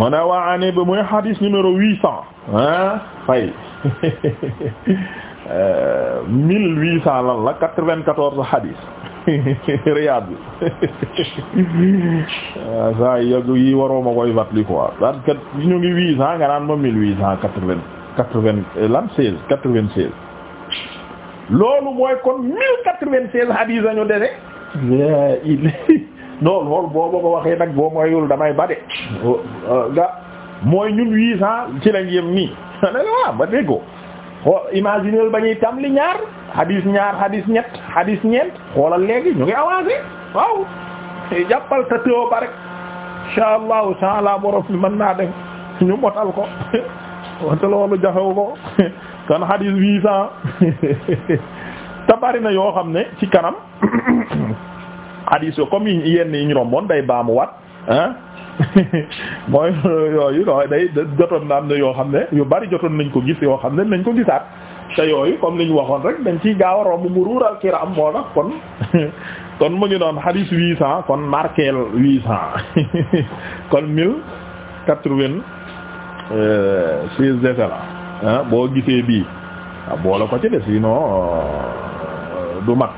mu ne waa année ba muy hadis numéro huit cent ah fay euh, huit cent lan la quatre-vingt-quatorze hadis Riyad bi euh, saa yëg yi waroo ma koy batli quoi parce que ñu ngi huit cent nga naan ma mille huit cent quatre-vingt quatre-vingt euh, lan seize quatre-vingt-seize loolu mooy kon mille quatre-vingt-seize hadis lañu dese non loolu boo ma ko waxee nag boo moyul damay ba de nga mooy ñun huit cent ci lañ yem nii waaw ba déggoo xool imagineel ba ñuy tam li ñaar hadis ñaar hadis ñett hadis ñeent xoolal léegi ñu ngi avancé waaw jàppal ta téo ba rek insha allahu taala borom bi mën naa def ñu motal ko wante loolu jafewu ko kon hadis huit cent te na yoo xam ne ci kanam xadiis yoo comme yenn yi ñu romboon day baamuwaat ah mooy yooyu day jotoon na am yoo xam ne yu bari jotoon nañ ko gis yoo xam ne nañ ko gisaat te yooyu comme li ñu waxoon rek dañ ciy gaaw a romb mu ruural kiram moo tax kon kon mu ngi doon xadiis huit kon markeel huit cent kon mille quatre-vingt six defe la boo gisee bii ah, boole ko ci des yi non euh, du mat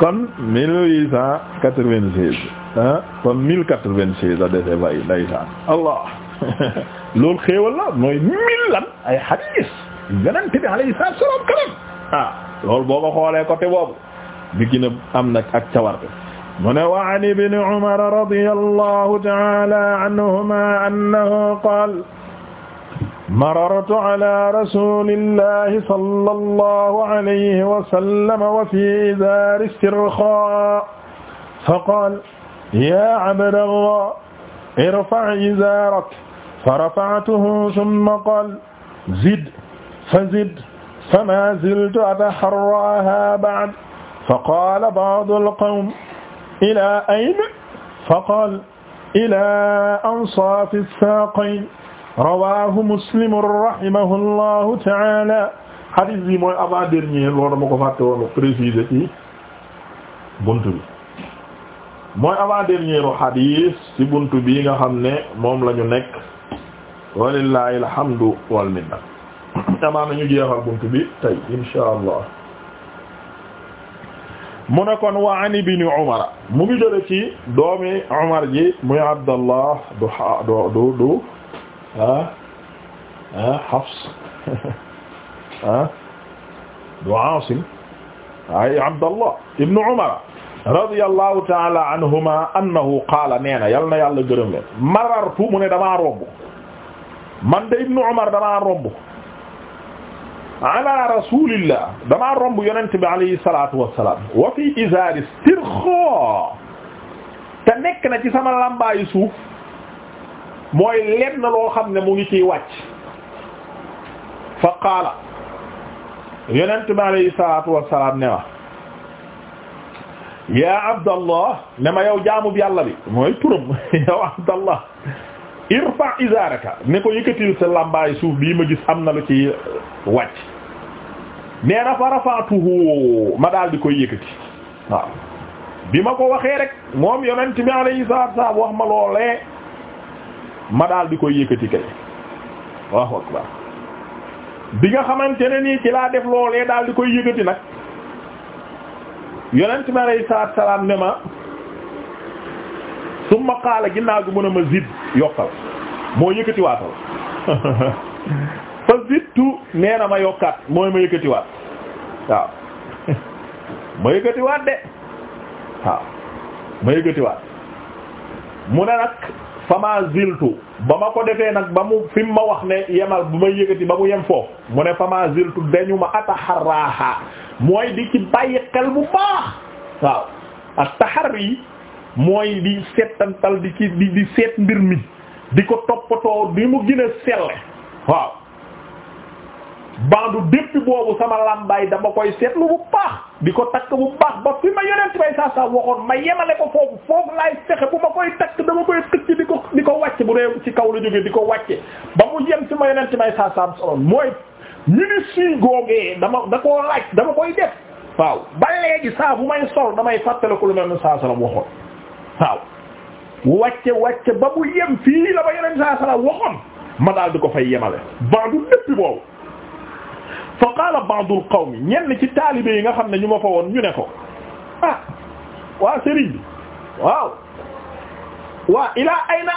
kon mille huit cent quatre-vingt-seize ah kon mille quatre-vingt-seize a defe fay ndeysaan allah loolu xéewal la mooy mille lan ay hadis yonent bi alayhi salaatu wa salaam kanam ah loolu boo ko xoolee côté boobu bi gën a am nag ak cawarte mu ne wa an ibni Umar radiyallahu ta'ala anhuma annahu qaala marartu ala rasulillahi sallallahu alayhi wa sallam wa fi izaari istirxaa faqaala yaa abdallah irfac izaarak farafactuhu summa qaala zid fazid famaa ziltu ataharraahaa bacd faqaala bacdu alqawm ilaa ayna faqaala ilaa ansaafi ssaaqayn rawahu muslim rahimahullahu taala hadith bi mooy avant dernier loolu dama ko fàtte woon préciser ci bunt bi mooy avant dernier u ci bunt bi nga xam ne moom lañu ñu nekk walillahi alhamdu wal minna amaa nañu jeexal bunt bi tay insha allah mu ne kon wa an ibni umara mu ngi jële ci doomi umar ji muy abdallah du du du ah ah Hafs ah du Aasim ay Abdallah ibn Umar radiyallahu ta'ala anhuma annahu qaala nee na yal na yàlla gërëm leen marartu mu ne damaa romb man de ibnu Umar damaa romb ala rasulillah damaa romb yonent bi alayhi salatu wassalam wa fi izar istirkha te nekk na ci sama lambaayu suuf mooy lenn loo xam ne mu ngi ci wàcc fa qaala yonent bi alayhi salaatu wassalaam ne ma yaa abdallah ne ma yow jaamu bi yàlla bi mooy turam yow abdallah irfa izaaraka ne ko yëkkatil sa làmbaay suuf bii ma gis am na lu ci wàcc nee na fa rafaatuhu ma daal di koy yëkkati bi ma ko waxee rek moom yonent bi alayhi salaatu wassalaam wax ma loolee ma daal di koy yëkkati kay Allahu akbar bi nga xamante ne nii ci laa def loolee daal di koy yëkkati nag yonent mi alayhi salaatu salaam ne ma summa qaala ginnaaw gi mën a ma zid yokkal moo yëkkati waatal fa zidtu nee na ma yokkaat mooy ma yëkkati waat waaw ma yëkkati waat de waaw ma yëkkati waat mu ne nag fama ziltu ba ma ko defee nag ba mu fi mu ma wax ne yemal bu ma yëgati ba mu yem foofu mu ne fama ziltu dañu ma ataxarraaha mooy di ci bàyyi xel bu baax waaw ak taxarri mooy di seetantal di ci di di seet mbir mi di ko toppatoo bi mu gën a selle waaw bandu déppi boobu sama làmbaay dama koy seetlu bu baax di ko takk bu baax ba fi ma yonent bay saa saa waxoon ma yemale ko foofu foofu laay fexe bu ma koy takk dama koy tëcc di ko di ko wàcce bu dee ci kaw la jógee di ko wàcce ba mu yem ci ma yonent bay saa saa soloon mooy ministre googee dama da dama koy def waaw ba léegi saa bu damay fàttaliku lu mel ne saa sala waxoon wàcce wàcce ba mu yem fii la ma yonent saa sala waxoon ma daal di ko fay yemale bandu lépp boobu fa qaala ba'dul qawmi ñenn ci taalibe yi nga xam ne ñu ma fa woon ñu ne ko ah waa sëriñ bi waaw waa ilaa ayna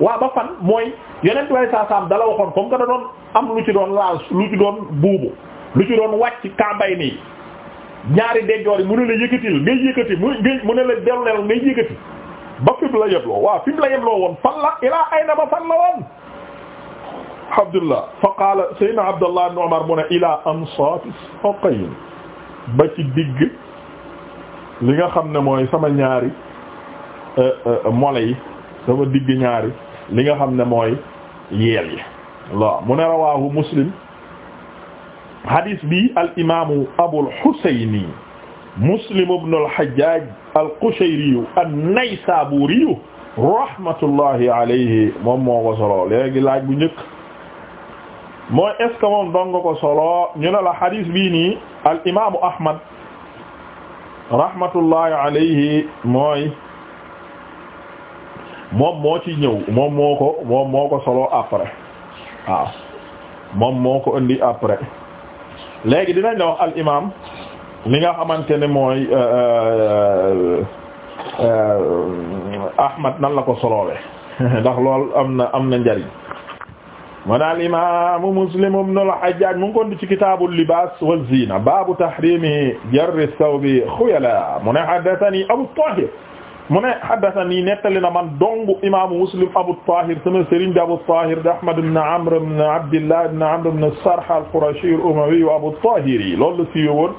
waa ba fan mooy yeneen way saa saam dala waxoon comme que da doon am lu ci doon laal lu ci doon buubu lu ci doon wàcc kambay nii ñaari denjoor yi mu ne la yëkkatil ngay yëkkati mu ne la dellel ngay yëkkati ba fim la yebloo waaw fim la yebloo woon fan la ilaa ayna ba fan la woon Abdullah fa qaala Seydina Abdullah ibn Umar mu ne ila ansaati saqayn ba ci digg li nga xam ne mooy sama ñaari euh, euh, mole yi sama digg ñaari li nga xam ne mooy yeel yi waaw mu ne rawaahu Muslim hadis bi al imaamu Abul Husayni Muslim ibn al-Hajjaj al-Qushayri an-Naysaburi rahmatullahi alayhi moom moo ko solo léegi laaj bu njëkk mooy est moom dong ko solo ñu ne la hadith bii nii al imaamu Ahmad rahmatullahi alayhi mooy moom moo ci ñëw moom moo ko moom moo ko solo après waaw moom moo ko indi après léegi dinañ la wax al imaam li nga xamante ne mooy euh, euh, euh, Ahmad nan la ko solowee ndax lool am na am na njariñ. man al imaamu Muslim ibn al-Hajjaj mu ngi kon ci kitaabul libaas wa ziina baabu tahriimi jarri sawbi xuyala mu ne haddathanii Abu Taahir mu ne haddathanii nettali na man dong imaamu Muslim Abu Taahir sama sëriñ bi Abu Taahir di Ahmad ibn Amr ibn Abdillah ibn Amr ibn Sarh al-Qurashi al-Umawi Abu Taahir yi loolu la siiwee woon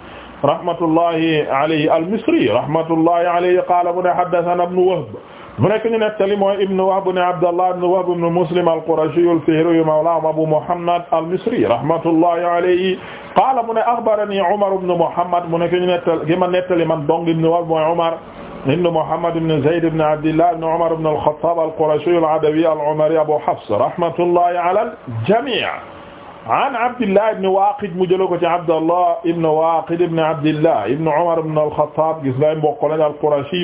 rahmatullahi alayhi al-Misri rahmatullahi alayhi qaala mu ne haddathanaa ibn Wahb mu nekk ñu nettali mooy ibnu Wahb ibn Abdallah ibn Wahb ibn Muslim al-Qurashi al-Fihri mawlaahum Abu Muhammad al-Misri rahmatullahi alayhi qaala mu ne akhbarani Umar ibn Muhammad mu nekk ñu nettali ki ma nettali man dong ibn Wahb mooy Umar ibn Muhammad ibn Zayd ibn Abdillah ibn Umar ibn al-Khattab al-Qurashi al-Adawi al-Umari Abu Hafs rahmatullahi ala al-jami' an Abdillah ibn Waqid mu jëloon ko ci Abdallah ibn Waqid ibn Abdillah ibn Umar ibn al-Khattab gis nga mbokk lañ al-Qurashi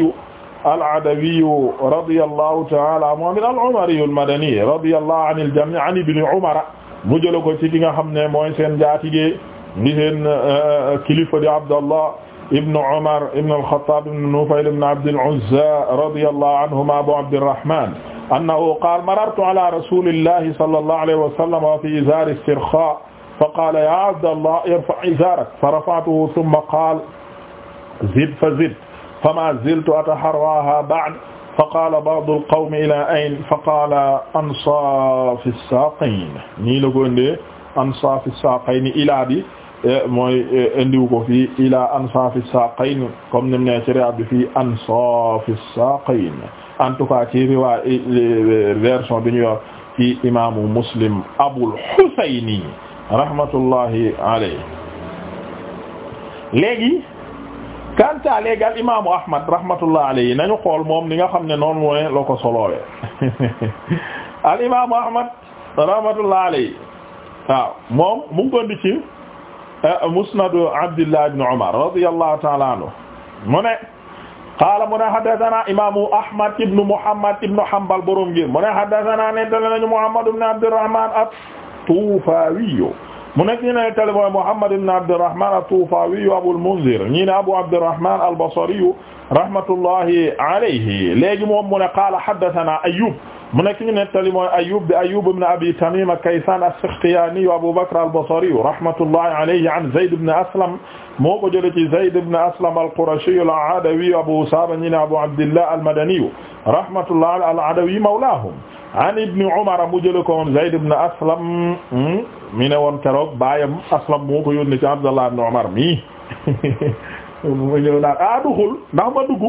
al-Adawiyu radiyallahu ta'ala anhu moom it al-Umariyu al-Madani radiyallahu anil jami' an ibni Umar mu jël ko ci ki nga xam ne mooy seen jaatige di seen euh, kilifa di Abdallah ibn Umar ibn al-Khattab ibn Nufayl ibn Abd al-Uzza radiyallahu anhuma Abu Abdirrahman annahu qaala marartu ala rasulillahi sallallahu alayhi wa sallam wa fi izaar istirxaa faqaala ya Abdallah irfa' izaarak farafa'tuhu thumma qaala zid fazid fama ziltu ataharraha ba'd fa qaala ba'du al-qawmi ila ayn fa qaala ansaafi as-saaqayn nii la ko indee ansaafi as-saaqayn ilaa bi mooy indiwu ko fii ilaa ansaafi as-saaqayn comme ni mu ne ci riwaaya bi fii ansaafi as-saaqayn en tout cas ci riwaaya version bi ñu wax ci imaamu Muslim Abul Husayni rahmatullahi alayhi léegi kanta léegi al imaamu ahmad rahmatullah alayhi nañu xool moom li nga xam ne noonu mooy la ko soloowe al imaamu ahmad rahmatullah alayhi waaw moom mu ngi gondi ci eh, musnadu abdillah ibn umar radiyallahu ta'ala anhu mu ne qaala mu ne haddathana imaamu ahmad ibn muhammad ibn hanbal borom ngir mu ne haddathana nettali nañu muhammad ibn abdurrahman at-tufawi mu nekk ñu ne tali mooy Muhammad ibn Abdurrahman at-Tufawi Abul Munzir ñii ne Abu Abdurrahman al-Basri rahmatullahi alayhi léegi moom mu ne qaala haddathana Ayyub mu nekk ñu ne tali mooy Ayyub bi Ayyub ibn Abi Tamim Kaysan as-Sakhtiyani Abu Bakr al-Basri rahmatullahi alayhi an Zayd ibn Aslam moo ko jëlee ci Zayd ibn Aslam al-Qurashi al-Adawi Abu Usama ñii ne Abu Abdillah al-Madani rahmatullahi al-Adawi mawlahum an Ibn Umar mu jëlee ko Zayd ibn Aslam hmm? mi ne woon keroog baayam aslam moo ko yónni ci Abdallah ibn Umar mii mu ñëw naan ah duxul ndax ma dugg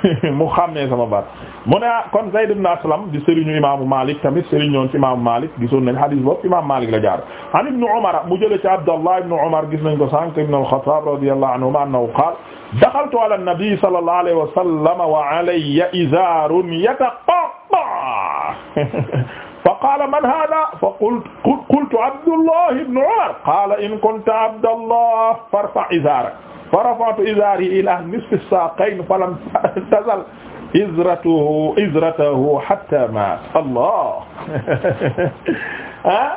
mu xam ne sama baat mu ne ah, kon Zayd ibn Aslam di sëriñu imaamu Malik tamit sëriñ ñoon ci imaamu Malik gisoon nañ hadis boobu imaamu Malik la jaar an ibn Umar mu jële ci Abdallah ibn Umar gis nañ ko sànq ibn al-Khattab radiyallahu anhuma annahu qaala daxaltu ala an-nabi sallallahu alayhi wa sallam wa alayya izaarun yataqatta fa qaala man hada fa qultu abdullah ibn umar qaala in kunta abdallah farfa izaarak fa rafa'tu izaari ila nisfi saaqayn fa lam tazal izratuhu izratuhu hatta maat allah ah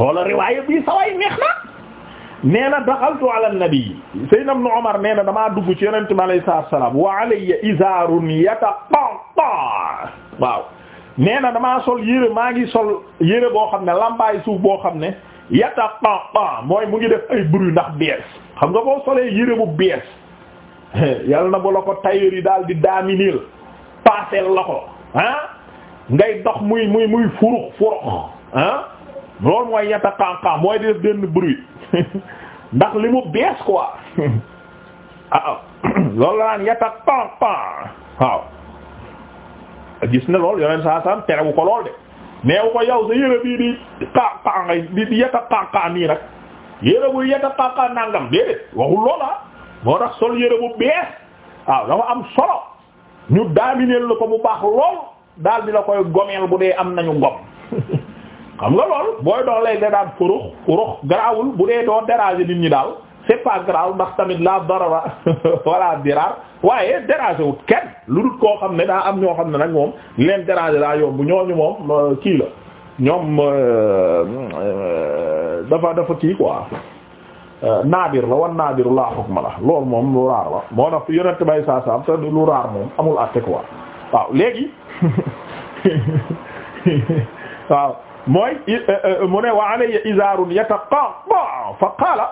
xoola riwaaya bi saway neex na nee na daxaltu ala annabii sayyidina ibn umar nee na damaa dugg ci yonente mi alayhi salaatu wa salaam wa alayya izaarun yataqatta waaw nee na damaa sol yére maa ngi sol yére boo xam ne lambaayu suuf boo xam ne yata pampan mooy mu ngi def ay bruit ndax bees xam nga boo solee yére bu bees yàlla na bu la ko tailleur daal di daaminil paaseel la ko ah ngay dox muy muy muy furux furux ah loolu mooy yata pampan mooy di def benn bruit ndax li mu bees quoi ah, ah loolu la naan yata pampan waaw gis ne lool yoneen saa saam terewu ko lool de neewu ko yow sa yére bii di xaaxaa ngay di di yeta xaaxaa nii nag yére bu yeta xaaxaa nangam déedéet waxul loola moo tax sol yére bu bees waaw dafa am solo ñu daamineel la ko bu baax lool daal di la koy gomeel bu dee am nañu gom xam nga lool booy dox lay da daan furux furux garaawul bu dee doo déranger nit ñi daal c'est pas grave ndax tamit la darara wala waaye déranger wut lu dul koo xam ne daa am ñoo xam ne nag moom leen déranger daa bu ñooñu moom euh, kii la ñoom euh, dafa dafa kii quoi euh, naadir la wan naadiru laa hukma la loolu moom lu raar la moo tax yonent bay saa te lu raar moom amul àtte quoi waaw léegi waaw mooy mu ne wa alayya izaarun yataqaqa fa qaala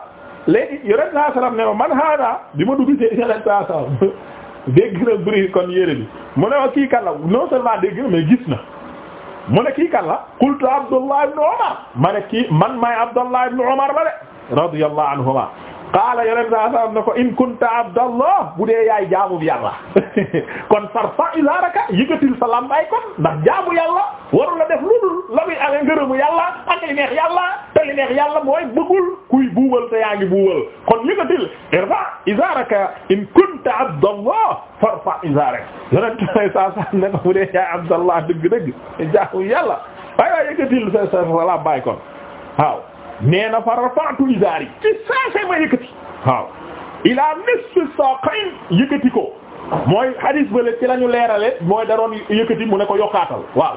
léegi yonent saa salaam ne ma man haada bi ma dugg ci yonent saa salaam dégg na bëri kon yére bi mu ne ma kii kan la non seulement dégg na mais mu ne kii kan la qultu Abdullah ibn Umar kii man maay Abdullah ibn Umar ba de radiyallahu anhuma qaala yeneen saa ko in kunta abdallah bu dee yaay jaamu yàlla kon farfa izaaraka yëkkatil sa lambaay kon ndax jaamu yàlla waru la def lu la muy amee ngërëmu yàlla ak li neex yàlla te li mooy bëggul kuy buubal te yaa ngi kon yëkkatil irfa izaaraka in kunta abdallah farfa izaaraka yeneen saa bu dee yaay abdallah dëgg-dëgg jaamu yàlla waaye waaye yëkkatil sa sa lambaay kon waaw. nee na fa rafa'tu izaari ci saase ma yëkkati waaw ilaa nisfi saaqayn yëkkati ko mooy hadis bale ci lañu leerale mooy daroon yëkkati mu ne ko yokkaatal waaw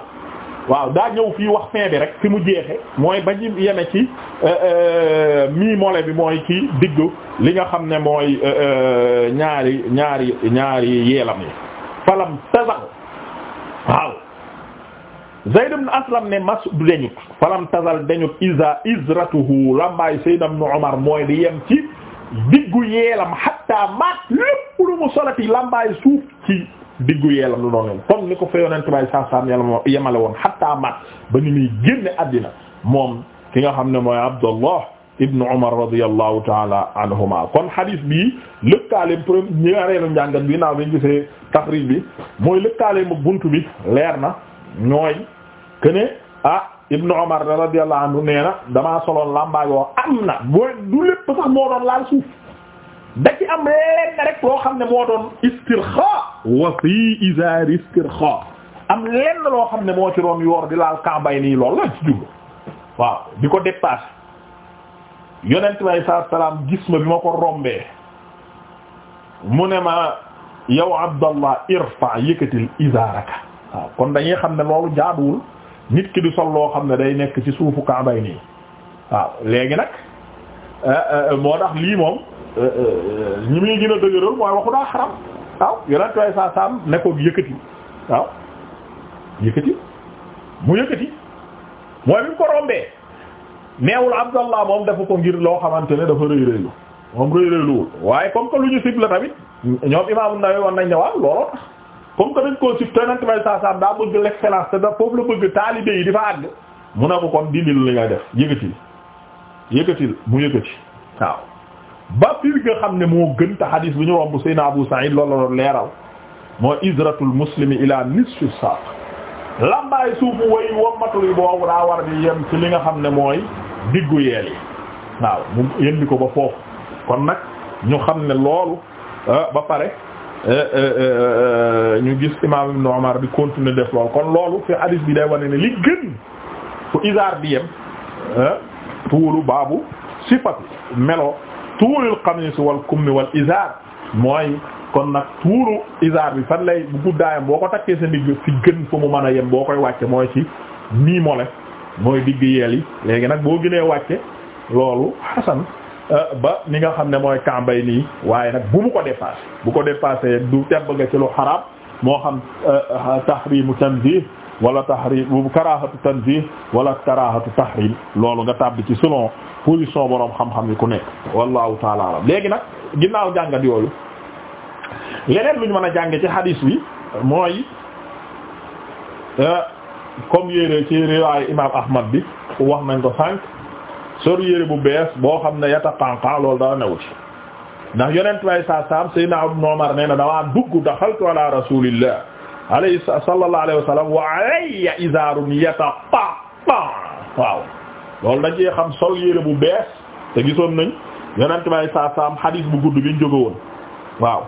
waaw daa ñëw fii wax fin bi rek fi mu jeexe mooy ba ñu yeme ci euh, euh, mii mole bi mooy ci diggu li nga xam ne mooy euh, ñaari ñaari ñaari yeelam yi falam tasax Zayd ibn Aslam ne mas du deñut falam tazal deñut iza izratuhu lambaay Sayyid ibn Umar mooy di yem ci diggu yeelam hatta maat lépp mu solati lambaay suuf ci diggu yeelam lu noonu comme ni ko fa yonent bay saa saam yàlla moo yemale woon ba ni muy génne àddina moom ki nga xam ne mooy Abdullah ibn Umar radiyallahu taala anhuma kon hadith bi lëkkaaleem premier bi naaw bi bi mooy lëkkaaleem bi leer na ñooy que ne ah Ibnu Umar radiyallahu na damaa soloon làmbaay woo am na booy du lépp sax moo doon laal suuf da am lenn rek loo xam ne moo doon istirxa wa fi izar am lenn loo xam ne moo ci roon yoor di laal kambay nii loolu la ci waaw di ko dépassé yonent bi alei salaam gis ma bi ma ko rombee mu ne ma yow abdallah irfa yëkkatil izaaraka waaw kon dañuy xam ne loolu jaaduwul nit ki di sol loo xam ne day nekk ci suufu kaabay nii waaw léegi nag eh, eh, moo tax lii moom eh, ñi muy gën a dëgëral mooy waxu daa xaram waaw yonent way saa saam ne ko yëkkati waaw yëkkati mu yëkkati mooy bi mu ko rombee neewul Abdallah moom dafa ko ngir loo xamante ne dafa rëy rëylu moom rëy rëyluwul waaye comme que lu ñu sib la tamit ñoom Imaam An-Nawawi wan nañ ne waaw looloo tax comme que dañ koo si te nanti may saasaam daa bëgg l'excellence te da foofu la bëgg taalibe yi di fa àgg mu ne ko kon dindil li nga def yëkkatil yëkkatil mu yëkkati waaw ba fir nga xam ne moo gën te xadiis bi ñu romb sayna Abu Sa'id loolu la doon leeral moo izratul muslimi ila nisfi saaq lambaay suufu ci li nga xam ne mooy diggu yeel yi waaw mu yem ko ba foofu kon nag ñu xam ne loolu euh, ba pare Euh, euh, euh, ñu gis imam Ibn Umar di continuer def lool kon loolu fi hadis bi day wane ne li gën fu isaar bi yem tuulu baabu sifat melo tuulul qamis wal kummi wal isaar mooy kon nag tuulu isaar bi fan lay bu guddaayam boo ko takkee sa ndigg fi gën fu mu mën yem boo koy wàcce mooy ci nii mole mooy digg yeel yi léegi nag boo gënee wàcce loolu xasan Euh, ba ni nga xam ne mooy kàmbay nii waaye nag bu mu ko dépassé bu ko dépassé du tebb nga ci lu xaraam moo xam euh, tahrimu tanzih wala bu karahatu tanzih wala karahatu tahrim loolu nga tàbbi ci selon position boroom xam-xam yi ku nekk wallahu taala alam léegi nag ginnaaw jàngat yooyu leneen lu mën a jànge ci hadis bi mooy euh, comme yére ci riwaayu imam ahmad bi wax nañ ko sànq sol yére bu bees boo xam ne yata qanqan loolu dara newu ci ndax yonent way sa sam Seydina Abu Umar nee na damaa dugg daxaltu ala rasulillah alayhi sallallahu alayhi wa sallam wa alayya izarun yata pa pa waaw loolu dañ cee xam sol yére bu bees te gisoon nañ yonent way sa sam hadis bu gudd biñ jóge woon waaw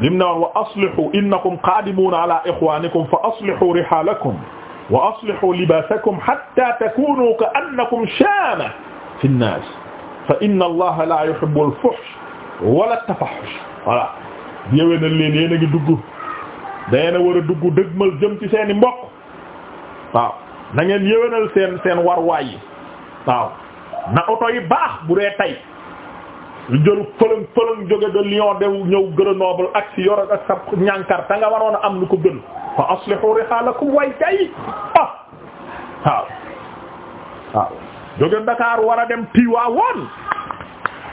lim na woon wa aslihu innakum qaadimuuna ala ixwanikum fa aslihu rihaalakum wa aslihu libaasakum hatta takunu ka annakum shaama fi nnaas fa inna allaha la yuhibbu al-fuhsh wala at-tafahush voilà yéwénal leen yéen a ngi dugg dangeen a war a dugg dëgmal jëm ci seen i mbokk waaw na ngeen yéwénal seen seen warwaay yi waaw na oto yi baax bu dee tey lu jëlu fëlëng fëlëng jóge de Lyon de ñëw Grenoble ak si yor ak sa ñànkar ta nga waroon a am lu ko gën fa aslihu rihaalakum way tay ah waaw waaw jóge ndakaar war a dem Tiwaawoon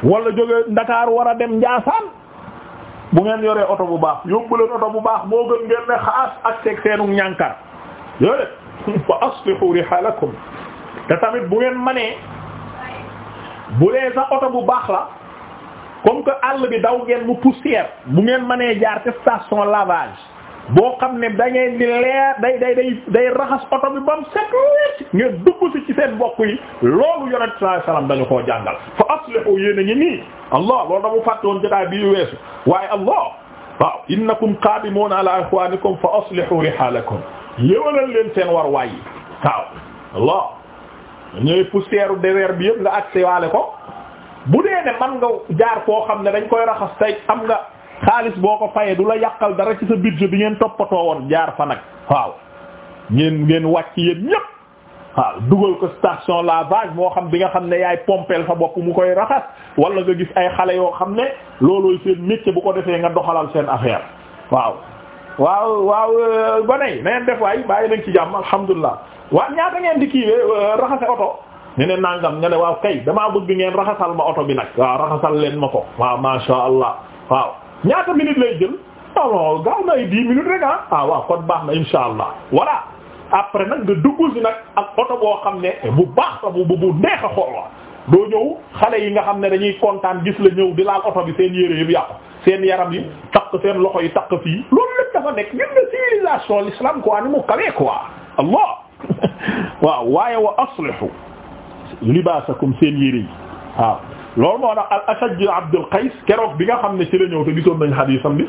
wala jóge Dakar war a dem Njaasaan bu ngeen yore oto bu baax yóbbu leen oto bu baax moo gën ngeen ne xaas ak teg seenu ñànkar yooyu wa aslihu rihaalakum bu manee bu dee sax oto bu baax la comme que àll bi daw ngeen mu poussière bu ngeen manee jaar ci station lavage boo xam ne da ngeen di leer day day raxas oto bi ba mu ngeen dugg si ci seen mbokk yi loolu yonent sallallahu alayhi wasallam dañu koo jàngal fa aslihu yéen a ngi nii allah loolu damu fàtte woon jotaay bi weesu waaye allah waaw innakum qaadimuuna ala ikhwaanikum fa aslihu rihaalakum yéwalal leen seen war waay yi waaw allah ñooy poussière u bi yëpp nga accès waale ko bu dee ne man nga jaar koo xam ne dañ koy raxas tey am nga xaalis boo ko fayee du la yàqal dara ci sa budget bi ngeen toppatoo woon jaar fa nag waaw ngeen ngeen wàcc yéen ñépp waaw dugal ko station lavage moo xam bi nga xam ne yaay pompeel fa bopp mu koy raxas wala nga gis ay xale yoo xam ne loolooy seen métier bu ko defee nga doxalal seen affaire waaw waaw waaw euh, ba nay nangeen def waay bàyyi nañ ci jàmm alhamdulilah waaw ñaata ngeen di kii euh, raxase oto ñu ne nangam nga ne waaw kay damaa bëgg ngeen raxasal ma oto bi nag waaw raxasal leen ma ko waaw masha Allah ñaata minutes lay jël alors gaaw na ay dix minutes rek ah ah kon baax na insha allah voilà après nag nga dugg si nag ak oto boo xam ne bu baax la bu bu neex a xool la doo ñëw xale yi nga xam ne dañuy kontaan gis la ñëw di laal oto bi seen yére yëpp yàqu seen yaram yi takk seen loxo yi takk fii loolu lépp dafa nekk gis nga civilisation l'islam quoi ni mu kawee quoi allah waaw waaye wa aslihu libasakum seen yére yi waaw loolu moo tax al Ashaj Abdul Qays keroog bi nga xam ne ci la ñëw te gisoon nañ xadiisam bi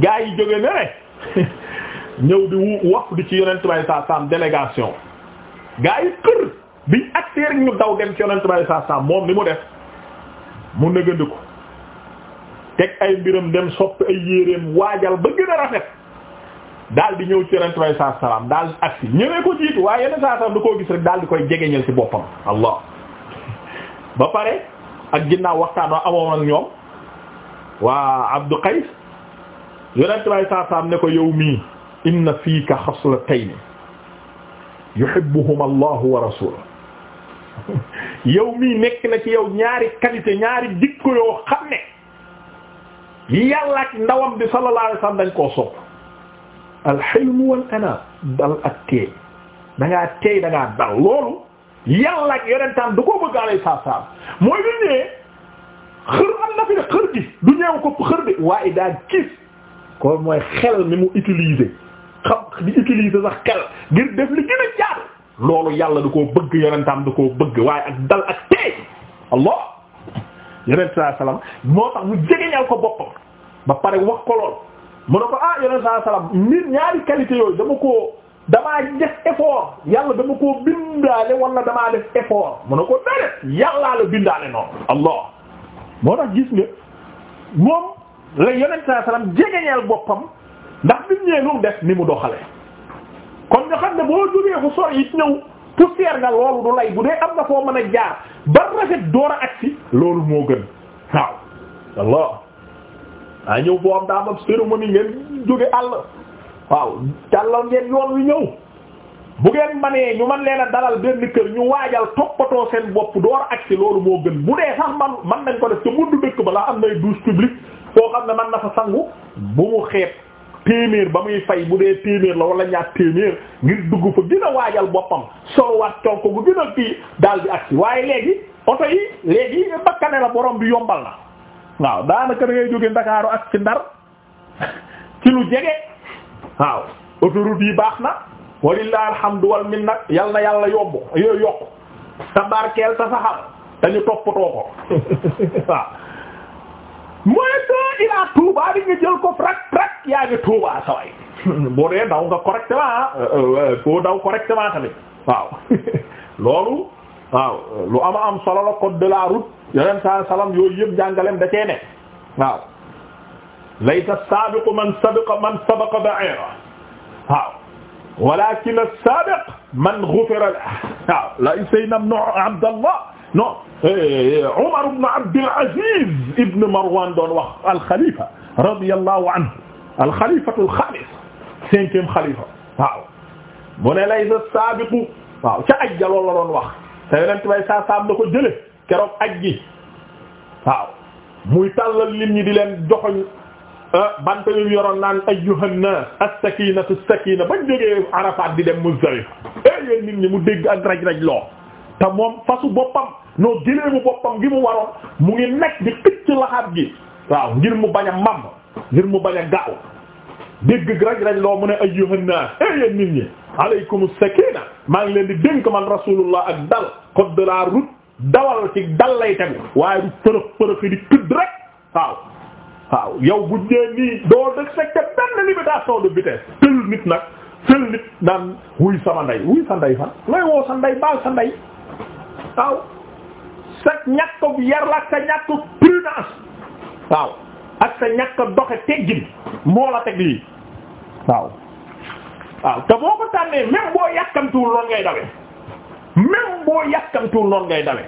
gaa yi jóge ne ñëw di wax di ci yonent bay saa saam délégation gaa yi kër biñ agsee rek ñu daw dem ci yonent bay saa saam moom li mu def mu nëgënd ko teg ay mbiram dem soppi ay yéreem waajal ba gën a rafet daal di ñëw ci yonent bay saa salaam daal agsi ñëwee ko jiitu waaye yenn saa saam du koo gis rek daal di koy jegeñal ci boppam allah ba pare ak ginnaaw waxtaan wa amoon ak ñoom waa Abdou Qays yonent bay saasaam ne ko yow mii inna fiika xaslatayn yuhibbuhuma allahu wa rasuluhu yow mii nekk na ci yow ñaari qualité ñaari jikko yoo xam ne yàlla ak ndawam bi sallallahu alayhi wasallam dañ koo sopp al hilm wal anaa dal ak teey dangaa teey dangaa dal loolu yàlla ak yonentam du ko bëgg alayhi salaam mooy li ñëwee xër am na fi ne xër gi du ñëw ko xër bi waaye daa gis kon mooy xel mi mu utiliser xam di utiliser sax xel ngir def li gën a jaar loolu yàlla du ko bëgg yonentam du ko bëgg waaye ak dal ak teey allah yonent saa salaam moo tax mu jegeñal ko boppam ba pare wax ko lool mu ne ko ah yonent salaam nit ñaari qualité yooyu dama ko damaa def effort yàlla dama koo bindaale wala damaa def effort mu ne ko déedéet yàllaa la bindaale noonu allah moo tax gis nga moom la yonent saa salaam jegeñeel boppam ndax bi mu def ni mu doxale kon nga xam ne boo jógee fu it ñëw poussière nga loolu du lay bu dee am na foo mën a jaar ba rafet door a agsi loolu moo gën waaw allah daa ñëw boo am daa am cérémonie ngeen jóge àll waaw jàllal ngeen yoon wi ñëw bu ngeen manee ñu man leen a dalal benn kër ñu waajal toppatoo seen bopp ak si loolu moo gën bu dee sax man man nañ ko def te mundu dëkk ba la am nay douche publique koo xam ne man na fa sangu bu mu xeeb téeméer ba muy fay bu dee téeméer la walla ñaar téeméer ngir dugg fa gën a waajal boppam soluwaat conk bu gën a kii daal di waaye léegi oto yi léegi bakkane la borom bi yombal na waaw daanaka da ngay jóge Ndakaaru ak ci Ndar waaw autoroute yi baax na walillahi alhamdu wal minna yal na yàlla yobbu yooyu yokk ta barkeel ta saxal dañu toppatoo ko waaw mooy te ilaa Touba di nga jël ko frak frak yaa ngi Touba saway boo dee daw nga correctement euh, euh, foo daw correctement tamit waaw loolu waaw lu ama am solo la code de la route yeneen sa salam yooyu yëpp jàngalem da cee waaw laysa as-saabiqu man sabaqa man sabaqa ba'iirahu waaw walaakin as-saabiq man ghufira lahu waaw la sayyidinaa ibn Abdallah non eh, Umar ibn Abdul Aziz ibn Marwan doon wax al-xalifa radiyallahu anhu al-xalifatul xaamis cinquième xalifa waaw mu ne laysa as-saabiqu waaw ca ajja loolu la doon wax te yonent bay saa saam na ko jële keroog ajji waaw muy tàllal lim ñi di leen joxoñ Euh, bant bi mu yoroon naan ayyuhan nas as-sakinatu as-sakina bañ jógee Arafat di dem Muzdalifa eh nit ñi mu dégg ak raj-raj loo te moom fasu boppam noo gëleemu boppam gi mu waroon mu ngi nekk di xëcc laxaat gi waaw ngir mu bañ a màmm ngir mu bañ a gaaw dégg raj-raj loo mu ne ayyuhan nas eh, nit ñi alaykum as-sakina maa ngi leen di dénk man rasulullah ak dal code de la route dawal ci dal lay tegu waaye du përëx përëxi di këdd rek waaw waaw yow bu dee nii doo def fekk benn limitation de vitesse tël nit nag tël nit naan wuy sama ndey wuy sa ndey fan looy woo sa ndey baal sa ndey waaw sa ñàkk yar la ak sa ñàkk prudence waaw ak sa ñàkk doxe teggin moo la teg lii waaw waaw te boo ko tànnee même boo yàkkamtuwul noonu ngay dawe même boo yàkkamtuwul noonu ngay dawe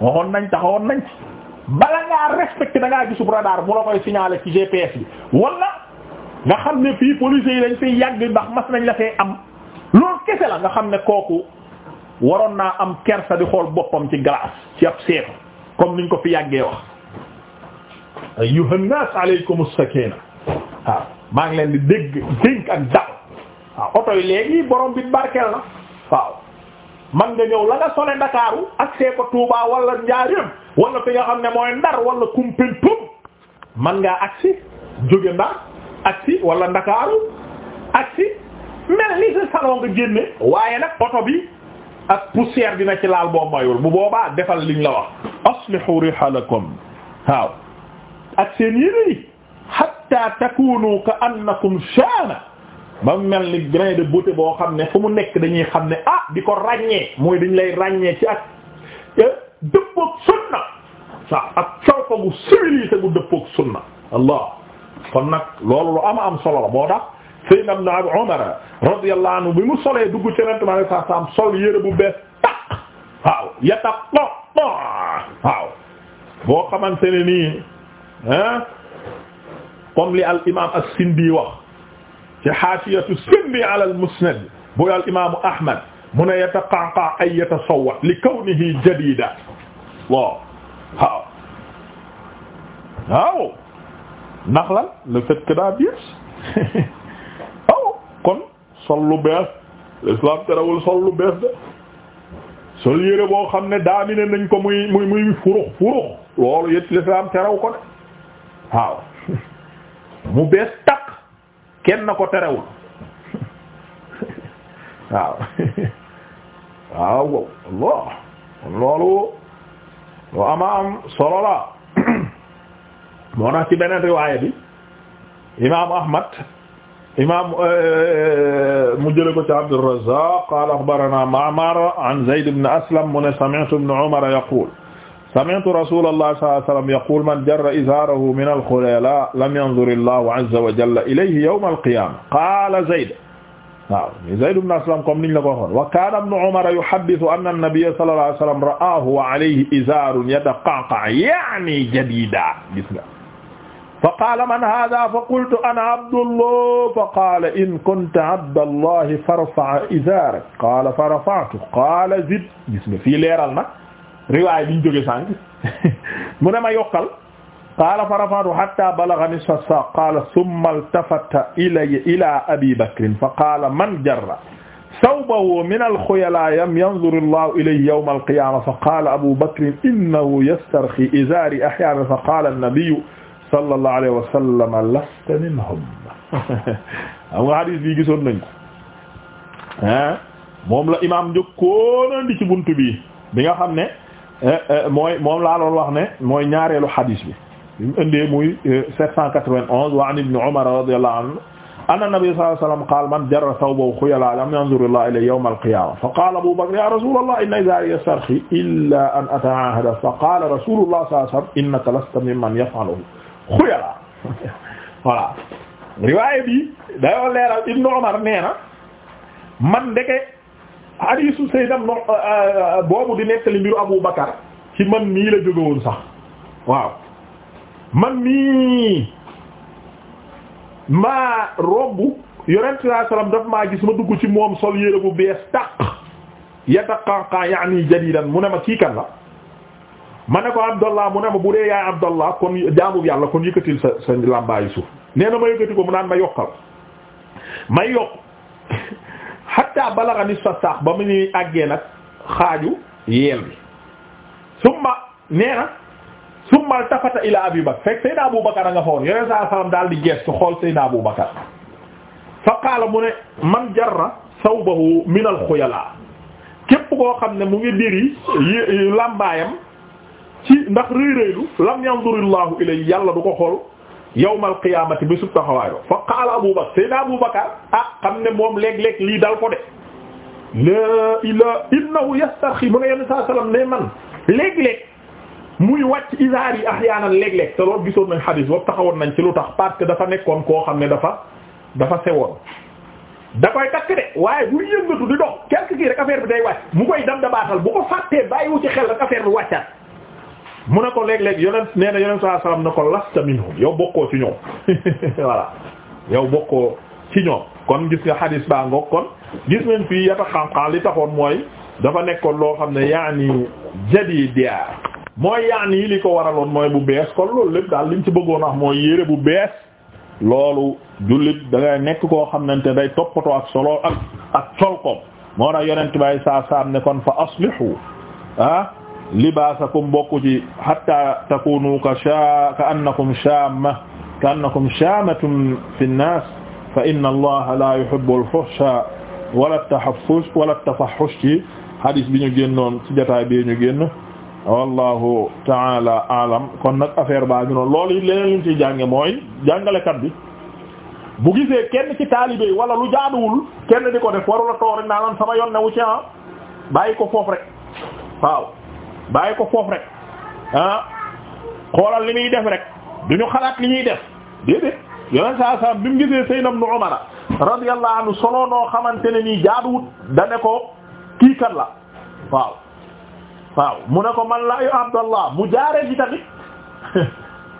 waxoon nañ taxawoon nañ bala ngaa respecté da ngaa gisub radar mu la koy signaler ci GPS bi wala nga xam ne fii policiers yi dañ fiy yàgg ndax mas nañ la fee am loolu kese la nga xam ne kooku waroon naa am kersa di xool boppam ci glace ci ab seetu comme niñ ko fi yàggee wax ayyuhan nas alaykum as maa ngi leen di dégg dénk ak dal waaw oto yi léegi borom bi barkeel na waaw man nga ñëw la nga sole ndakaaru ak see ko Touba wala Njaaréem wala fi nga xam ne mooy Ndar wala Koumpentoum man ngaa agsi jóge Ndar agsi wala ndakaaru agsi mel ni sa salon waaye nag oto bi ak poussière dina ci laal boo bu boobaa defal liñ la aslihu rihalakum waaw ak seen yére yi takunu ka shaana ba mu mel ni grain de boo xam ne fu mu nekk dañuy xam ne ah di ko ràññee mooy dañ lay ràññee ci ak dëppook sunna sax ak coow gu civilisé gu dëppook sunna allah kon nag loolu lu ama am solo la boo tax sayyidna ibn abi umar radiyallahu anhu bi mu solee dugg ci rent sol yére bu bees taq waaw yataq no no waaw boo xamante ne nii hein comme li al imam as-sindi wax ci xaasiyatu sindi ala al musnad bu al imaamu Ahmad mu ne yataqaqa ay yatasawwat li kawnihi jadida waaw waaw waaw ndax lan le fait que daa biir waaw kon sol lu bees l'islam terewul sol lu bees de sol yére boo xam ne daamine nañ ko muy muy muy furux furux loolu yëpp l'islam terew ko de waaw mu bees kenn na ko terewul waaw waaw Allah loolu lu ama am solo la moo tax ci beneen riwaaya bi imaam Ahmad imaam euh, euh, mu jële ko ci Abdur Razzaq qala akhbarana Ma'mar an Zayd ibn Aslam mu ne sami'tu ibn Umar yaqul sami'tu rasulallah sallallahu alayhi wa sallam yaqul man jarra izaarahu min al-khulala lam yanzur Allahu azza wa jalla ilayhi yawm al-qiyamah qaala Zayd waaw Zayd ibn Aslam comme niñ la ko waxoon wa kaana ibnu Umar yuhaddithu anna an-nabiyya sallallahu alayhi wa sallam ra'aahu wa alayhi izaarun yataqaqqa'u ya'ni jadiidun gis nga fa qaala man haadha fa qultu ana Abdullah fa qaala in kunta Abdallahi farfa' izaarak qaala farafa'tu qaala zid gis nga fii leeral na riwaay biñ jóge sànq mu ne ma yokkal qaala fa rafa'tu hatta balagha nisfa saaq qaala thumma iltafata ilay ila abi bakrin fa qaala man jarra sawbahu min alxuyalaa yanzuru allahu ilayhi yawma alqiyaama fa qaala abu bakrin innahu yastarxi izaari ahyaanan fa qaala annabiyyu sallallahu alayhi wa sallam lasta minhum xam nga hadiis bi gisoon nañ ko ah moom la imaam njëkkoon andi ci buntu bi bi nga xam ne Eh, eh, mooy moom laa doon wax ne mooy ñaareelu xadiis bi bi mu indee muy 791 eh, wa an ibni Umar radiyallahu anhu anna nabi sallallahu alayhi wa sallam qaala man jarra thawbahu khuyala lam yanzur Allahu ilayhi yawm al-qiyamah fa qaala Abu Bakr ya rasulallah inna izari yastarkhi illa an ata'ahada fa qaala rasulullah sallallahu alayhi wa sallam innaka lasta mimman yaf'aluhu khuyala voilà riwaaya bi dayoo leeral ibnu Umar nee na man ndeke hadiisu Seydina euh, euh, boobu di nettali mbiru Abu Bakar ci man mii la jóge sax waaw man mii maa romb yonent sallallahu alayhi daf maa gis ma dugg ci moom sol yére bu bees tàq yataqaqa yaani jadidan mu ne ma kii kan la ma ne ko Abdallah mu ne ma bu dee yaay Abdallah kon jaamu yàlla kon yëkkatil sa sa nee na ma yëkkati ko mu naan ma yokkal may yokk a balagha nisfa saax ba mu ñuy àggee nag xaaju yeel bi summa nee na summa altafata ila abi bakr fekk Seydina Abu Bakar a nga fa daal di geestu xool Seydina Abu fa qaala mu ne man jarra sawbahu min al képp koo xam ne mu ngi diri lambaayam ci ndax réy réylu lam yanzurillaahu ilay yàlla du ko xool yawmal qiyaamati bésub taxawaayoo fa qaala Abu Bakr Seydina Abu Bakr ah xam ne moom léeg-léeg lii dal ko de laa ilaa innahu yastarxi mu ne yenn saa salaam ne man léeg-léeg muy wàcc izaar yi ahyaanan léeg-léeg te loolu gisoon nañ xadiis boobu taxawoon nañ ci lu tax parce que dafa nekkoon koo xam ne dafa dafa sewoon da koy takk de waaye buy yëngatu di dox quelque kii rek affaire bi day wàcc mu koy dam dabaatal bu ko fàttee bàyyiwu ci xel rek affaire bi wàccaat mu ne ko léeg-léeg yonent nee yonent saa salaam ne ko lasta minhum yow bokkoo ci ñoom voilà yow bokkoo ci ñoom kon gis nga xadis baa ngoog kon gis nañ fii yata xam-xam li taxoon mooy dafa nekkoon loo xam ne yaani jadiida mooy yaani li ko waraloon mooy bu bees kon loolu lépp daal liñ ci bëggoon ax mooy yére bu bees loolu jullit da ngay nekk koo xamante day toppatoo ak solo ak ak solkoom moo tax yonent bay saa saam ne kon fa aslihu ah, libaasakum bokku ci hatta takunu ka sha ka annakum shamma ka annakum shamatun fi nnas fa inna allaha la yuhibbu al-fuhsha wala at-tahaffus wala at-tafahhush ci hadis bi ñu génnoon ci jotaay bi ñu génn wallahu taala alam kon nag affaire baa ñu noonu loolu yi leneen luñ ciy jànge mooy jàngalekat bi bu gisee kenn ci taalibe yi wala lu jaaduwul kenn di ko def warula toog rek naa noon sama yoon ne wu ci ah, bàyyi ko foofu rek waaw bàyyi ko foofu rek ah, xoolal li muy def rek du ñu xalaat li ñuy def déedéet yeneen saa saa bi mu gisee Seydina Ibnu Umar radiyallahu solo noo xamante ne nii jaaduwut da ne ko kii kat la waaw. waaw mu ne ko man la yu Abdallah mu jaaree ji tamit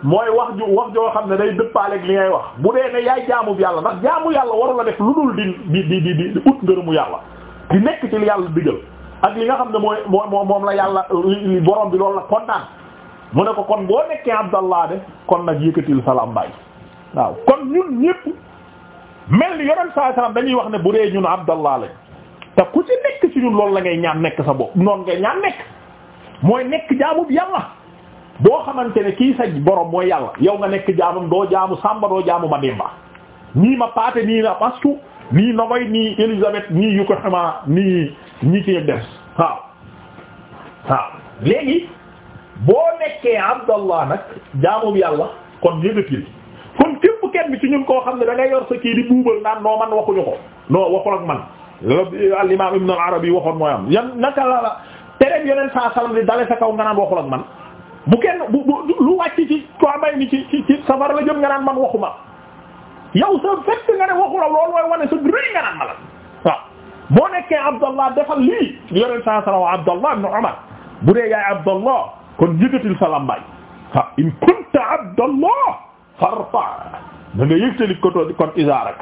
mooy wax ju wax joo xam ne day dëppaaleeg li ngay wax bu dee ne yaay jaamu bi yàlla ndax jaamu yàlla waru la def lu dul di di di di ut ngërëmu yàlla di nekk ci li yàlla digal. ak li nga xam ne mooy moo moom la yàlla li borom bi loolu la kontaan mu ne ko kon boo nekkee abdallah de kon nag yëkkatil sa lambaay waaw kon ñun ñëpp mel ni yonent saa salaam dañuy wax ne bu dee ñun abdallah lañ te ku la ngay ñaan nekk sa bopp noonu ngay ñaan nekk mooy nekk jaamub yàlla boo xamante ne kii sa borom mooy yàlla yow nga nekk jaamam doo jaamu sàmba doo jaamu ma dimba nii ma paate nii na bastu nii nogoy nii Élisabeth nii yu ko nii ñi ci des waaw waaw léegi boo nekkee abdallah nag jaamu yàlla kon yëgatil kon képp kenn bi ci ñun koo xam ne da ngay yor sa kii di buubal naan noo man waxuñu ko noo waxul ak man la al imam ibn al arabi waxoon mooy am yan naka la la terem yeneen saa salam di dale sa kaw nga naan waxul ak man bu kenn bu lu wàcc ci toi ni ci ci ci safara la jëm nga naan man waxuma yow sa fekk nga ne waxula loolu mooy wane sa rëy nga naan ma boo nekkee Abdallah defal lii yore saa salaam wa Abdallah ibn Umar bu dee yaay Abdallah kon yëkkatil sa lambaay fa in kunta Abdallah farfa da nga yëkkatali koto kon izaarak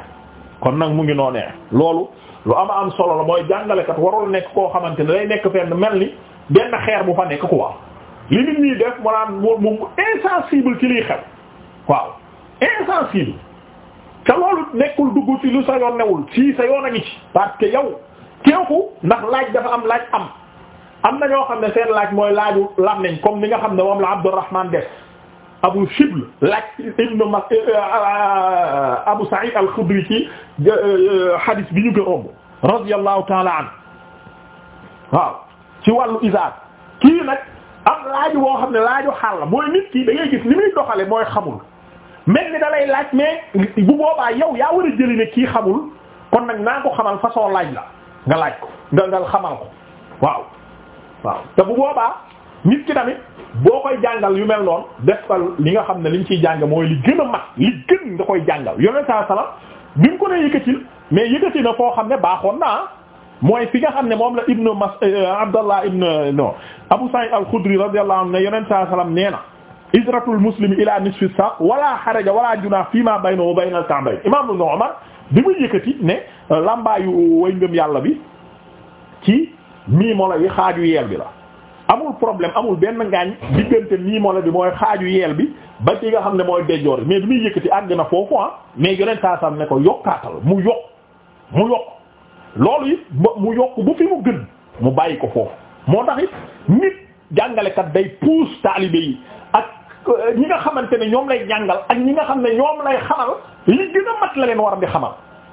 kon nag mu ngi noonee loolu lu ama am solo la mooy jàngalekat warul nekk koo xamante ne day nekk fenn mel ni benn xeer bu fa nekk quoi li nit ñi def mu naan moom insensible ci liy xew waaw insensible te loolu nekkul dugg ci lu sa yoon newul sii sa yoon a ngi ci parce que yow teeku ndax laaj dafa am laaj am am na ñoo xam ne seen laaj mooy laaju lam nañ comme ni nga xam ne moom la Abdurrahman def Abu Shibl laaj ibn ma euh, euh, euh, Abu Sa'id al-Khudri ci hadith bi ñu ko romb radiyallahu ta'ala kii nag am laaju boo xam ne laaju xaal la mooy nit ki da ngay gis ni muy doxale mooy xamul mel ni da lay laaj mais bu boobaa yow yaa war a jëli ne kii xamul kon nag naa ko xamal façon laaj la nga laaj ko nga nga xamal ko waaw waaw te bu boobaa nit ki tamit boo koy jàngal yu mel noon def ko li nga xam ne liñ ciy jàng mooy li gën a mat li nga koy jàngal yoneen saa salaam bi mu ko ne yëkkatil mais yëkkati na foo xam ne baaxoon na mooy fi nga xam ne moom la ibnu mas euh, abdallah ibnu non abu sa'id al-khudri radiyallahu anhu ne yoneen saa salaam nee na hijratul muslim ila nisfi saq wala xaraja wala junaa fii ma baynahu wa bayna al-ka'bayn imam Ibn Umar bi muy yëkkati ne euh, lambaayu way ngëm yàlla bi ci mii mola yi xaaju yeel bi la amul problème amul benn ngaañ diggante mii mola bi mooy xaaju yeel bi ba ci nga xam ne mooy dejoor mais bi muy yëkkati àgg na foofu ah mais yoneen saasam ne ko yokkaatal mu yokk mu yokk loolu it mu yokk bu fi mu gën mu bàyyi ko foofu moo tax it nit jàngalekat day puus taalibe ñi nga xamante ne ñoom lay jàngal ak ñi nga xam ne ñoom lay xamal li gën a mat la leen war a di xamal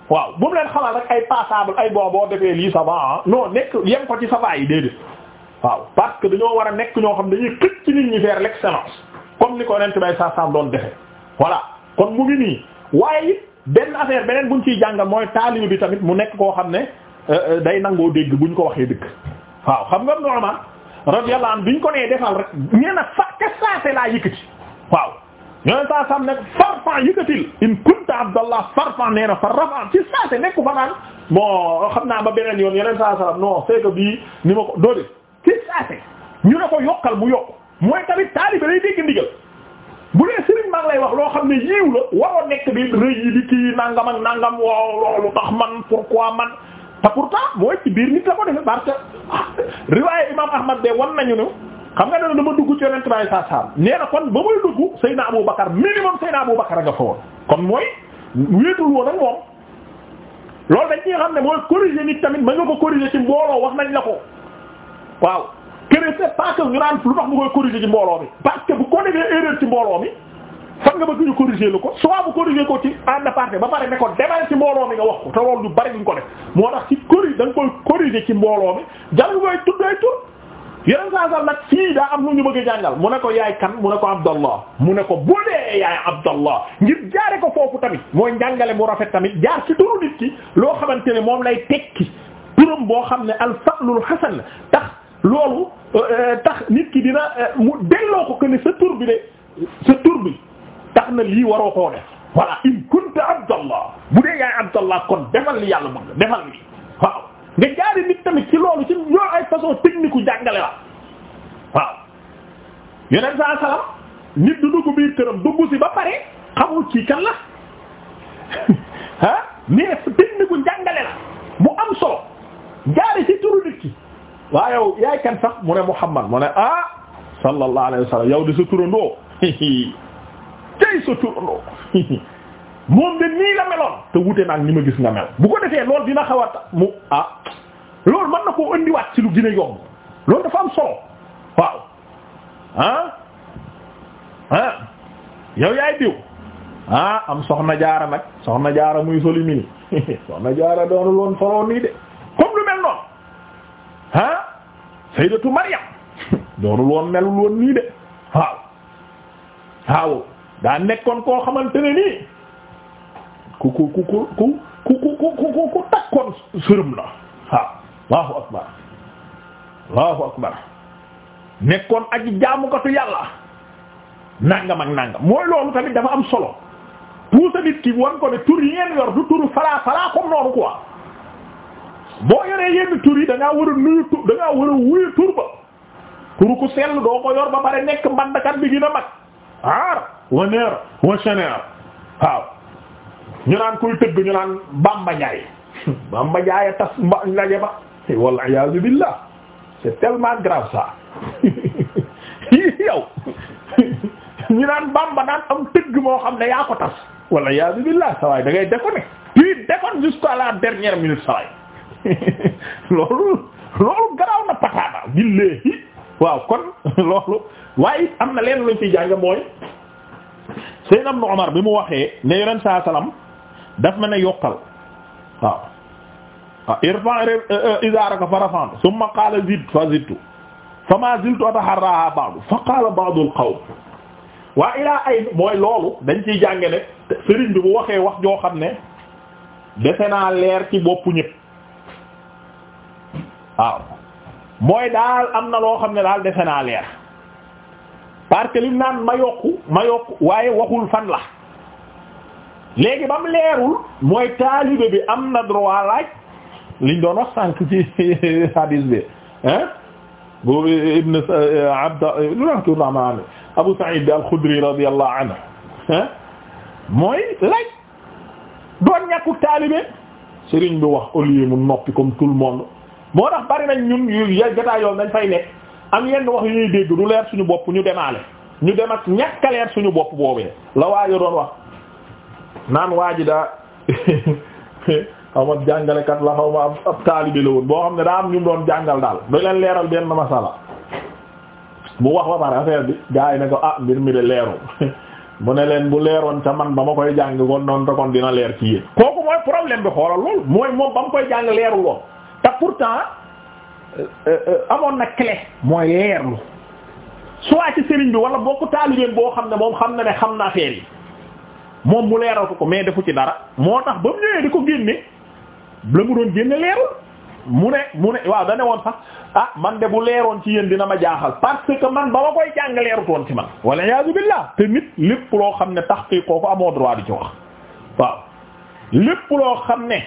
waaw bu mu leen xamal rek ay passable ay boo boo defee lii ça va ah non nekk yem ko ci ça va yi déedéet waaw parce que dañoo war a nekk ñoo xam dañuy xëcc ci nit ñi vers l'excellence comme ni ko nent bay sa sam doon defee voilà kon mu ngi nii waaye benn affaire beneen buñ ciy jàngal mooy taalibe bi tamit mu nekk koo xam ne euh, euh, day nangoo dégg buñ ko waxee dëgg radiyallahu anhu biñ ko nee defal rek nee na fa ca saase laa yëkkati waaw ñoonen a sam ne farfa yëkkatil in kunta abdallah farfa nee na fa rafa ci saase nekku fa naan bon xam naa ba beneen yoon yeneen saa salam non c'est que bii ni ma ko doode ci saase ñu ne ko yokkal mu yokk mooy tamit taalibe lay dégg ndigal bu dee sëriñ maa ngi wax loo xam ne yiiw la waroo nekk bi rëy yi di kii nangam ak nangam waaw loolu tax man pourquoi man te pourtant mooy ci biir nit la ko defee parce que riwaaye imam ahmad de wan nañu ne xam nga ne dama dugg ci yonent bi saa saam nee na kon ba muy dugg Seydina Abu Bakar minimum Seydina Abu Bakar nga fa woon kon mooy wéetul woon ak moom loolu dañ ñuy xam ne mooy corriger nit tamit ma nga ko corriger ci mbooloo wax nañ la ko waaw kër c'est parce que ñu naan lu tax mu koy corriger ci mbooloo mi parce que bu ko defee erreur ci mbooloo mi fan nga bëgg ñu corriger lu ko soit bu corriger ko ci en aparté ba pare ne ko demal ci mbooloo mi nga wax ko te loolu lu bari ñu ko def moo tax ci corriger da nga koy corriger ci mbooloo mi jarul ngay tuddee tur yeneen saa sax nag fii daa am lu ñu bëgg jàngal mu ne ko yaay kan mu ne ko Abdallah mu ne ko bu dee yaay Abdallah ngir jaare ko foofu tamit mooy njàngale mu rafet tamit jaar ci turu nit ki loo xamante ne moom lay tekki turam boo xam ne al-fa'lul hasan tax loolu euh, euh, tax nit ki dina euh, mu delloo ko que ne sa tur bi de sa tur bi. tax na lii waroo koo def voilà in kunta abdallah bu dee yaay abdallah kon defal li yàlla bëgg defal li waaw nga jaari nit tamit ci loolu ci yoo ay nit du dugg biir këram dugg si ba pare xamul ci kan la ah mais technique u jàngale la mu am solo ci turu nit ki yow yaay kan sax mu ne Muhammad mu ne ah sallallahu alayhi wa sallam yow di sa turandoo cay sa turandoo moom de nii la meloon te wute naag ni ma gis nga mel bu ko defee loolu dina xaw a mu ah lool mën na koo andiwaat ci lu gën yomb loolu dafa am solo waaw ah ah yaay diw ah am soxna jaara nag soxna jaara muy soli mini soxna jaara doonul woon soloo nii de comme lu mel noonu ah sayyidatu Maryam doonul woon melul woon nii de waaw waaw daa nekkoon koo xamante ne nii ku ku ku ku ku ku ku takkoon sërëm la waaw allahu akbar allahu akbar nekkoon ak jaamukatu yàlla nangam ak nangam mooy loolu tamit dafa am solo puusa nit ki war ko ne tur yi ngeen yor du turu falaa falaa comme noonu quoi boo yoree yenn tur yi da ngaa war a nuyu tur da ngaa war a wuyu tur ku sell doo ko yor ba pare nekk mbandkat bi gën a mag aar wa neer wa chener waaw ñu naan kuy tëgg ñu naan Bamba Ndiaye Bamba Ndiaye a tas mba ndaje ba wal iyaazu billah c'est tellement grave ça yow ñu naan Bamba naan am tëgg moo xam ne yaa ko tas wal iyaazu billah sa waay da ngay déconner puis déconne jusqu'à la dernière minute sa waay loolu loolu garaaw na pataana billahi waaw kon loolu waaye am na leen luñ fi jàng mooy Seydina Ibn Umar bi mu waxee ne yonent saa salaam daf ma ne yokkal waaw ah irfa eh, eh, izaaraka fa rafan summa qaala zid fa zidtu fa ma ziltu ataharraha ba'du fa qaala ba'du al-qawm waa ay mooy loolu dañ ciy jànge ne sëriñ bi bu waxee wax joo xam ne defe naa leer ci boppu ñëpp waaw mooy daal am na loo xam ne daal defe naa leer parce que lim naan ma yokku ma yokku waaye waxul fan la léegi ba mu leerul mooy taalibe bi am na droit laaj liñ doon wax ci hadis bi hein boobu ibn abda lu la tur rahman abu sa'id al-khudri radiyallahu anhu hein mooy laaj doon ñàkku taalibe sëriñ bi wax au lieu mu noppi comme tout le monde moo tax bari nañ ñun yu jataay dañ fay nekk am yenn wax yu ñuy dégg du leer suñu bopp ñu demaale ñu dem ak ñàkk leer suñu bopp boobee la waaye doon wax naan waa ji daa xaw ma jàngalekat la xaw ma ab taalibe la woon boo xam ne daa am ñu doon jàngal daal du leen leeral benn masala mu wax ba pare affaire bi gars yi ne ko ah mbir mi de leerul mu ne leen bu leeroon ca man ba ma koy jàng kon noonu te kon dina leer ci yéen. kooku mooy problème bi xoolal loolu mooy moom ba mu koy jàng leerul woon te pourtant. Euh, euh, amoon na clé mooy leerlu soit ci sëriñ bi wala bokku taalibeem boo xam ne moom xam na ne xam na affaire yi moom mu leeral ko ko mais defu ci dara moo tax ba mu ñëwee di ko génne la mu doon génne leerul mu ne mu ne waaw da woon sax ah man de bu leeroon ci yéen dina ma jaaxal parce que man ba ma koy jàng leerutoon ci man wala yaasu billah te nit lépp loo xam ne tax kii ko amoo droit di ci wax waaw lépp loo xam ne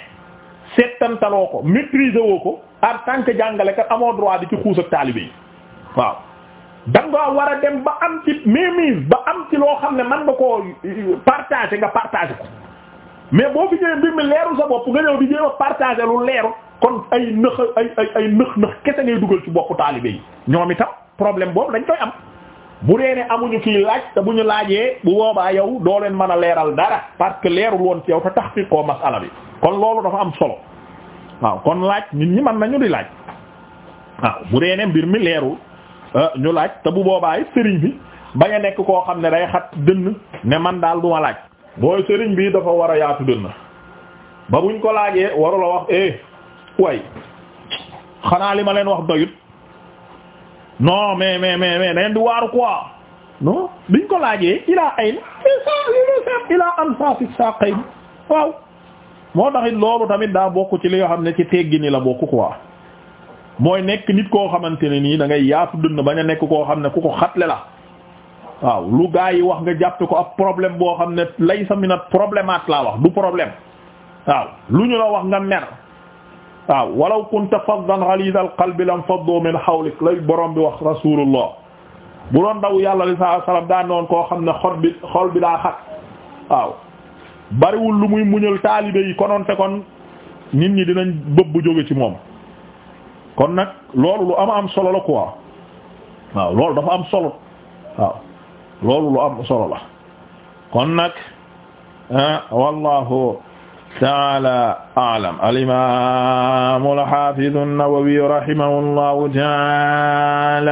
settantaloo ko maîtriser woo ko en tant que jàngalekat amoo droit di ci xuus ak taalibe yi waaw dangaa war a dem ba am ci mémise ba am ci loo xam ne man nga ko euh, partager nga partager ko mais boo fi ñëwee mbir mi leeru sa bopp nga ñëw di jéem a partager lu leeru kon ay nëx ay ay ay nëx kese ngay dugal ci boppu taalibe yi ñoom itam problème boobu dañ koy am bu dee amuñu fii laaj te bu ñu laajee bu boobaa yow doo leen mën a leeral dara parce que leerul woon ci yow te tax fi koo masala bi kon loolu dafa am solo waaw kon laaj nit ñi mën nañu di laaj waaw bu dee ne mbir mi leerul ñu laaj te bu boobaay it sëriñ bi bañ a nekk koo xam ne day xat dënn ne man daal du laaj. booy sëriñ bi dafa war a yaatu dënn ba buñ ko laajee waru la wax eh way xanaa li ma leen wax doyut non mais mais mais mais dañ di waaru quoi non biñ ko laajee ilaa ay na ilaa am saa si saa xëy waaw. moo taxit loolu tamit daa bokk ci li nga xam ne ci teggi ni la bokk quoi mooy nekk nit koo xamante ne nii da ngay yaatu dënn bañ a nekk koo xam ne ku ko xatle la waaw lu gaa yi wax nga jàppe ko ab problème boo xam ne lay sa minat problémate laa wax du problème waaw lu ñu la wax nga mer waaw walaw kunta faddan ghaliz al qalbi lam faddu min hawlik lay borom bi wax rasulullah bu doon daw yàlla li saa sallam daa noon koo xam ne xol bi xol bi daa xat waaw bariwul lu muy muñal taalibe yi kononte kon nit ñi dinañ bëbb jóge ci moom kon nag loolu lu am am solo la quoi waaw loolu dafa am solo waaw loolu lu am solo la kon nag ah, wallahu taala alam alimamu alhafidu an-Nawawi rahimahullahu taala